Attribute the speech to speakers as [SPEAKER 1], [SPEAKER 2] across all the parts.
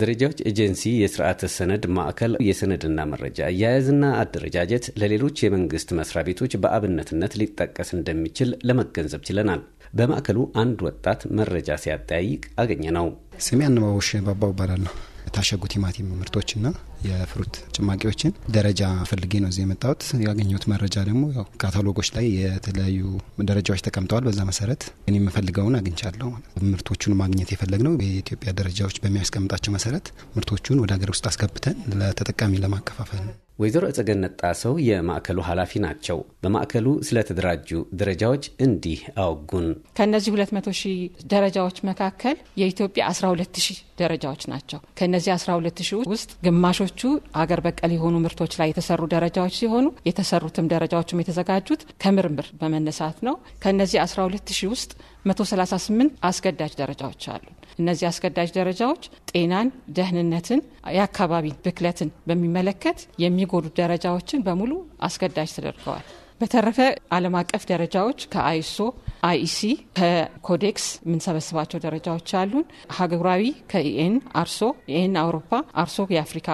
[SPEAKER 1] ደረጃዎች ኤጀንሲ የስርዓተ ሰነድ ማዕከል የሰነድና መረጃ አያያዝና አደረጃጀት ለሌሎች የመንግስት መስሪያ ቤቶች በአብነትነት ሊጠቀስ እንደሚችል ለመገንዘብ ችለናል። በማዕከሉ አንድ ወጣት መረጃ ሲያጠያይቅ አገኘ ነው።
[SPEAKER 2] ስሜ አንባቦሽ ባባው ይባላል ነው የታሸጉ ቲማቲም ምርቶችና የፍሩት ጭማቂዎችን ደረጃ ፈልጌ ነው እዚህ የመጣሁት። ያገኘሁት መረጃ ደግሞ ያው ካታሎጎች ላይ የተለያዩ ደረጃዎች ተቀምጠዋል። በዛ መሰረት እኔ የምፈልገውን አግኝቻለሁ። ምርቶቹን ማግኘት የፈለግነው የኢትዮጵያ ደረጃዎች በሚያስቀምጣቸው መሰረት ምርቶቹን ወደ ሀገር ውስጥ አስገብተን ለተጠቃሚ ለማከፋፈል ነው።
[SPEAKER 1] ወይዘሮ እጸገነት ጣሰው የማዕከሉ ኃላፊ ናቸው። በማዕከሉ ስለተደራጁ ደረጃዎች እንዲህ አወጉን።
[SPEAKER 3] ከእነዚህ 200 ሺህ ደረጃዎች መካከል የኢትዮጵያ 12 ሺህ ደረጃዎች ናቸው። ከእነዚህ 12 ሺህ ውስጥ ግማሾች ሌሎቹ አገር በቀል የሆኑ ምርቶች ላይ የተሰሩ ደረጃዎች ሲሆኑ የተሰሩትም ደረጃዎችም የተዘጋጁት ከምርምር በመነሳት ነው። ከእነዚህ 12 ሺህ ውስጥ 138 አስገዳጅ ደረጃዎች አሉ። እነዚህ አስገዳጅ ደረጃዎች ጤናን፣ ደህንነትን፣ የአካባቢ ብክለትን በሚመለከት የሚጎዱ ደረጃዎችን በሙሉ አስገዳጅ ተደርገዋል። በተረፈ ዓለም አቀፍ ደረጃዎች ከአይሶ አይኢሲ ከኮዴክስ የምንሰበስባቸው ደረጃዎች አሉን። ሀገራዊ ከኢኤን አርሶ ኢኤን አውሮፓ አርሶ የአፍሪካ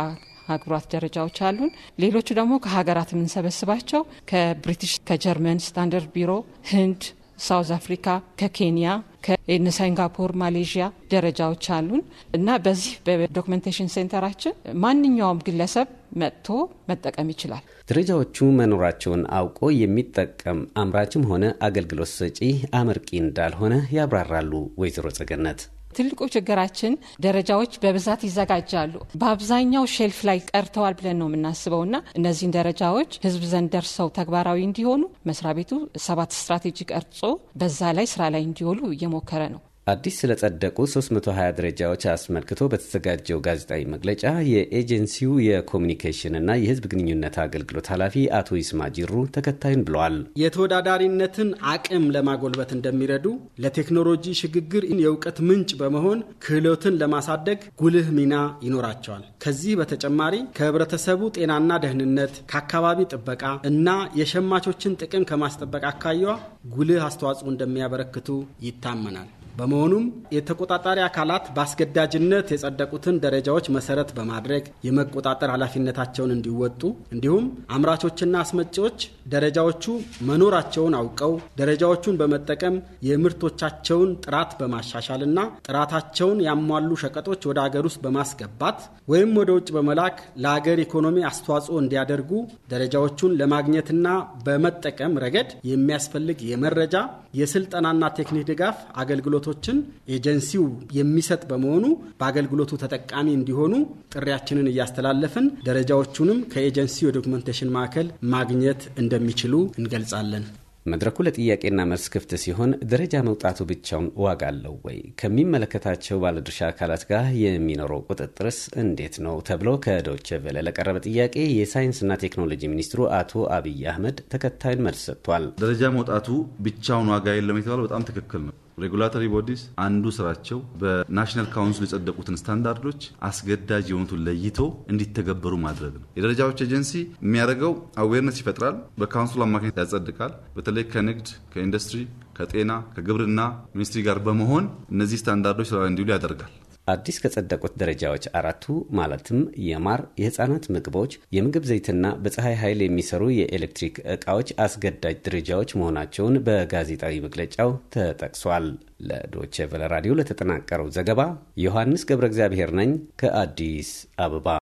[SPEAKER 3] ሀገራት ደረጃዎች አሉን። ሌሎቹ ደግሞ ከሀገራት የምንሰበስባቸው ከብሪቲሽ፣ ከጀርመን ስታንደርድ ቢሮ፣ ህንድ፣ ሳውዝ አፍሪካ፣ ከኬንያ ከሲንጋፖር ማሌዥያ ደረጃዎች አሉን እና በዚህ በዶክመንቴሽን ሴንተራችን ማንኛውም ግለሰብ መጥቶ መጠቀም ይችላል።
[SPEAKER 1] ደረጃዎቹ መኖራቸውን አውቆ የሚጠቀም አምራችም ሆነ አገልግሎት ሰጪ አመርቂ እንዳልሆነ ያብራራሉ ወይዘሮ ጸገነት።
[SPEAKER 3] ትልቁ ችግራችን ደረጃዎች በብዛት ይዘጋጃሉ። በአብዛኛው ሼልፍ ላይ ቀርተዋል ብለን ነው የምናስበው ና እነዚህን ደረጃዎች ህዝብ ዘንድ ደርሰው ተግባራዊ እንዲሆኑ መስሪያ ቤቱ ሰባት ስትራቴጂ ቀርጾ በዛ ላይ ስራ ላይ እንዲውሉ እየሞከረ ነው።
[SPEAKER 1] አዲስ ስለጸደቁ 320 ደረጃዎች አስመልክቶ በተዘጋጀው ጋዜጣዊ መግለጫ የኤጀንሲው የኮሚኒኬሽን እና የሕዝብ ግንኙነት አገልግሎት ኃላፊ አቶ ይስማ ጅሩ ተከታዩን ብለዋል።
[SPEAKER 2] የተወዳዳሪነትን አቅም ለማጎልበት እንደሚረዱ፣ ለቴክኖሎጂ ሽግግር የእውቀት ምንጭ በመሆን ክህሎትን ለማሳደግ ጉልህ ሚና ይኖራቸዋል። ከዚህ በተጨማሪ ከህብረተሰቡ ጤናና ደህንነት፣ ከአካባቢ ጥበቃ እና የሸማቾችን ጥቅም ከማስጠበቅ አካያ ጉልህ አስተዋጽኦ እንደሚያበረክቱ ይታመናል። በመሆኑም የተቆጣጣሪ አካላት በአስገዳጅነት የጸደቁትን ደረጃዎች መሰረት በማድረግ የመቆጣጠር ኃላፊነታቸውን እንዲወጡ እንዲሁም አምራቾችና አስመጪዎች ደረጃዎቹ መኖራቸውን አውቀው ደረጃዎቹን በመጠቀም የምርቶቻቸውን ጥራት በማሻሻልና ጥራታቸውን ያሟሉ ሸቀጦች ወደ አገር ውስጥ በማስገባት ወይም ወደ ውጭ በመላክ ለአገር ኢኮኖሚ አስተዋጽኦ እንዲያደርጉ ደረጃዎቹን ለማግኘትና በመጠቀም ረገድ የሚያስፈልግ የመረጃ የስልጠናና ቴክኒክ ድጋፍ አገልግሎት አገልግሎቶችን ኤጀንሲው የሚሰጥ በመሆኑ በአገልግሎቱ ተጠቃሚ እንዲሆኑ ጥሪያችንን እያስተላለፍን ደረጃዎቹንም ከኤጀንሲው የዶክመንቴሽን ማዕከል ማግኘት እንደሚችሉ እንገልጻለን።
[SPEAKER 1] መድረኩ ለጥያቄና መልስ ክፍት ሲሆን ደረጃ መውጣቱ ብቻውን ዋጋ አለው ወይ? ከሚመለከታቸው ባለድርሻ አካላት ጋር የሚኖረው ቁጥጥርስ እንዴት ነው? ተብሎ ከዶች ቬለ ለቀረበ ጥያቄ የሳይንስና ቴክኖሎጂ ሚኒስትሩ አቶ አብይ አህመድ ተከታዩን መልስ ሰጥቷል። ደረጃ መውጣቱ ብቻውን ዋጋ የለም የተባለው በጣም ትክክል ነው። ሬጉላቶሪ ቦዲስ አንዱ ስራቸው በናሽናል ካውንስል የጸደቁትን ስታንዳርዶች አስገዳጅ የሆኑትን ለይቶ እንዲተገበሩ ማድረግ ነው። የደረጃዎች ኤጀንሲ የሚያደርገው አዌርነስ ይፈጥራል፣ በካውንስሉ አማካኝነት ያጸድቃል። በተለይ ከንግድ ከኢንዱስትሪ ከጤና ከግብርና ሚኒስትሪ ጋር በመሆን እነዚህ ስታንዳርዶች ስራ እንዲውሉ ያደርጋል። አዲስ ከጸደቁት ደረጃዎች አራቱ ማለትም የማር፣ የህፃናት ምግቦች፣ የምግብ ዘይትና በፀሐይ ኃይል የሚሰሩ የኤሌክትሪክ ዕቃዎች አስገዳጅ ደረጃዎች መሆናቸውን በጋዜጣዊ መግለጫው ተጠቅሷል። ለዶቼ ቨለ ራዲዮ ለተጠናቀረው ዘገባ ዮሐንስ ገብረ እግዚአብሔር ነኝ ከአዲስ አበባ።